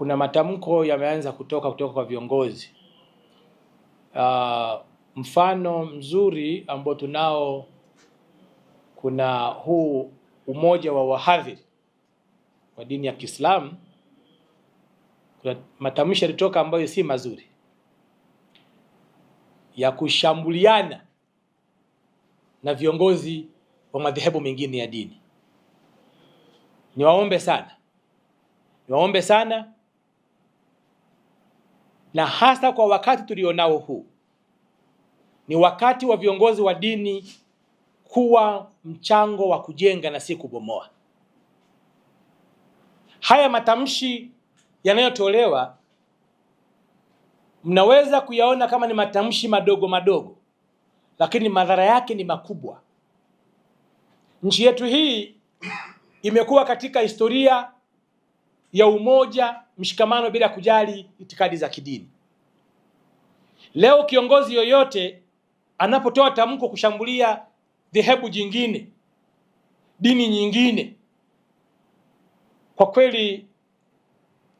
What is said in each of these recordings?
kuna matamko yameanza kutoka kutoka kwa viongozi. Uh, mfano mzuri ambao tunao kuna huu umoja wa wahadhiri wa dini ya Kiislamu. Kuna matamshi yalitoka ambayo si mazuri ya kushambuliana na viongozi wa madhehebu mengine ya dini. Niwaombe sana, niwaombe sana na hasa kwa wakati tulionao huu, ni wakati wa viongozi wa dini kuwa mchango wa kujenga na si kubomoa. Haya matamshi yanayotolewa mnaweza kuyaona kama ni matamshi madogo madogo, lakini madhara yake ni makubwa. Nchi yetu hii imekuwa katika historia ya umoja, mshikamano bila kujali itikadi za kidini. Leo kiongozi yoyote anapotoa tamko kushambulia dhehebu jingine, dini nyingine, kwa kweli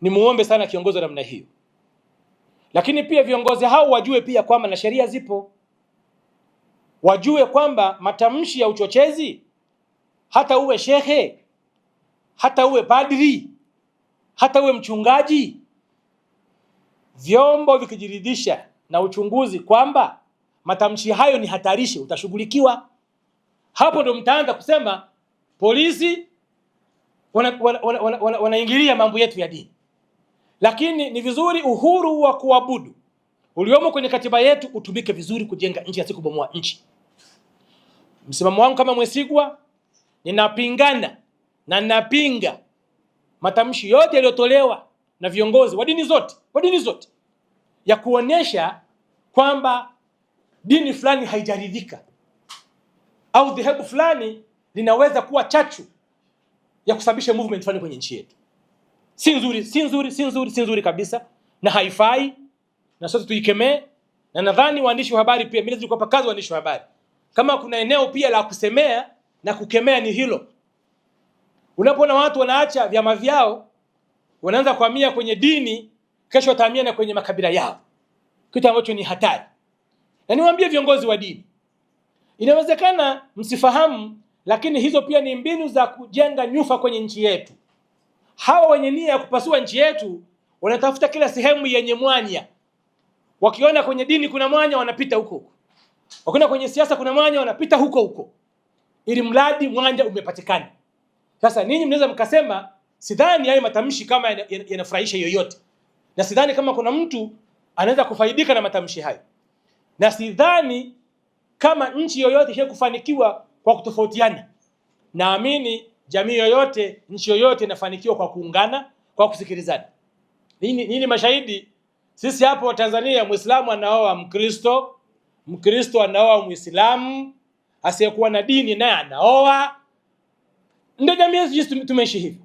ni muombe sana kiongozi wa namna hiyo, lakini pia viongozi hao wajue pia kwamba na sheria zipo, wajue kwamba matamshi ya uchochezi, hata uwe shehe, hata uwe padri hata uwe mchungaji, vyombo vikijiridhisha na uchunguzi kwamba matamshi hayo ni hatarishi, utashughulikiwa. Hapo ndo mtaanza kusema polisi wanaingilia wana, wana, wana, wana mambo yetu ya dini. Lakini ni vizuri uhuru wa kuabudu uliomo kwenye katiba yetu utumike vizuri kujenga nchi, si nchi. Msimamo wangu kama Mwesigwa, ninapingana na ninapinga matamshi yote yaliyotolewa na viongozi wa dini zote wa dini zote ya kuonesha kwamba dini fulani haijaridhika au dhehebu fulani linaweza kuwa chachu ya kusababisha movement fulani kwenye nchi yetu. Si nzuri, si nzuri, si nzuri, si nzuri kabisa na haifai, na sote tuikemee, na nadhani waandishi wa habari pia, mimi nilikuwa kuwapa kazi waandishi wa habari, kama kuna eneo pia la kusemea na kukemea ni hilo. Unapoona watu wanaacha vyama vyao wanaanza kuhamia kwenye dini, kesho watahamia na kwenye makabila yao, kitu ambacho ni hatari. Na niwaambie viongozi wa dini, inawezekana msifahamu, lakini hizo pia ni mbinu za kujenga nyufa kwenye nchi yetu. Hawa wenye nia ya kupasua nchi yetu wanatafuta kila sehemu yenye mwanya. Wakiona kwenye dini kuna mwanya, wanapita huko huko. Wakiona kwenye siasa kuna mwanya, wanapita huko huko, ili mradi mwanja umepatikana. Sasa ninyi mnaweza mkasema sidhani haya matamshi kama yanafurahisha yoyote, na sidhani kama kuna mtu anaweza kufaidika na matamshi hayo, na sidhani kama nchi yoyote isha kufanikiwa kwa kutofautiana. Naamini jamii yoyote, nchi yoyote inafanikiwa kwa kuungana, kwa kusikilizana. Ninyi mashahidi, sisi hapo Tanzania, Muislamu anaoa Mkristo, Mkristo anaoa Muislamu, asiyekuwa na dini naye anaoa ndio jamii yetu jinsi tumeishi hivi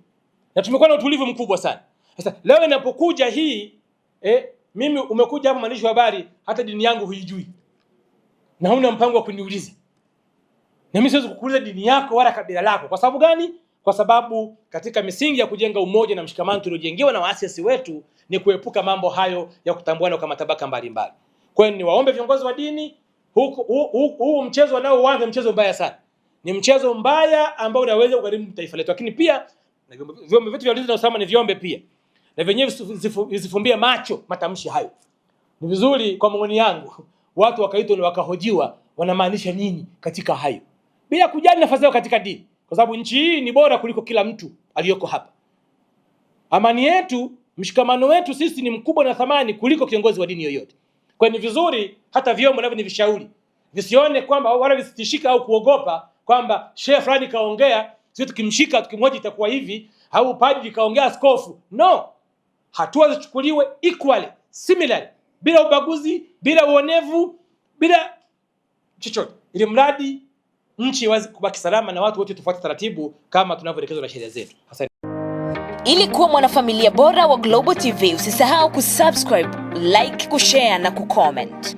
na tumekuwa na utulivu mkubwa sana. Sasa leo inapokuja hii eh, mimi umekuja hapa mwandishi wa habari, hata dini yangu huijui na huna mpango wa kuniuliza, na mimi siwezi kukuuliza dini yako wala kabila lako. Kwa sababu gani? Kwa sababu katika misingi ya kujenga umoja na mshikamano tuliojengewa na waasisi wetu ni kuepuka mambo hayo ya kutambuana kwa matabaka mbalimbali. Kwa hiyo niwaombe viongozi wa dini, huu mchezo nao mchezo mbaya sana ni mchezo mbaya ambao unaweza kugharimu taifa letu, lakini pia vyombo vyetu vya ulinzi na usalama ni vyombe pia, na vyenyewe visifumbie macho matamshi hayo. Ni vizuri kwa maoni yangu watu wakaitwa na wakahojiwa wanamaanisha nini katika hayo, bila kujali nafasi yao katika dini, kwa sababu nchi hii ni bora kuliko kila mtu aliyoko hapa. Amani yetu, mshikamano wetu sisi ni mkubwa na thamani kuliko kiongozi wa dini yoyote. Kwa hiyo ni vizuri hata vyombo navyo ni vishauri, visione kwamba wala visitishika au kuogopa kwamba shehe fulani kaongea, sisi tukimshika tukimhoji itakuwa hivi, au padri kaongea askofu. No, hatua zichukuliwe equally similarly, bila ubaguzi, bila uonevu, bila chochote, ili mradi nchi iweze kubaki salama na watu wote tufuate taratibu kama tunavyoelekezwa na sheria zetu. Ili kuwa mwanafamilia bora wa Global TV, usisahau kusubscribe, like, kushare na kucomment.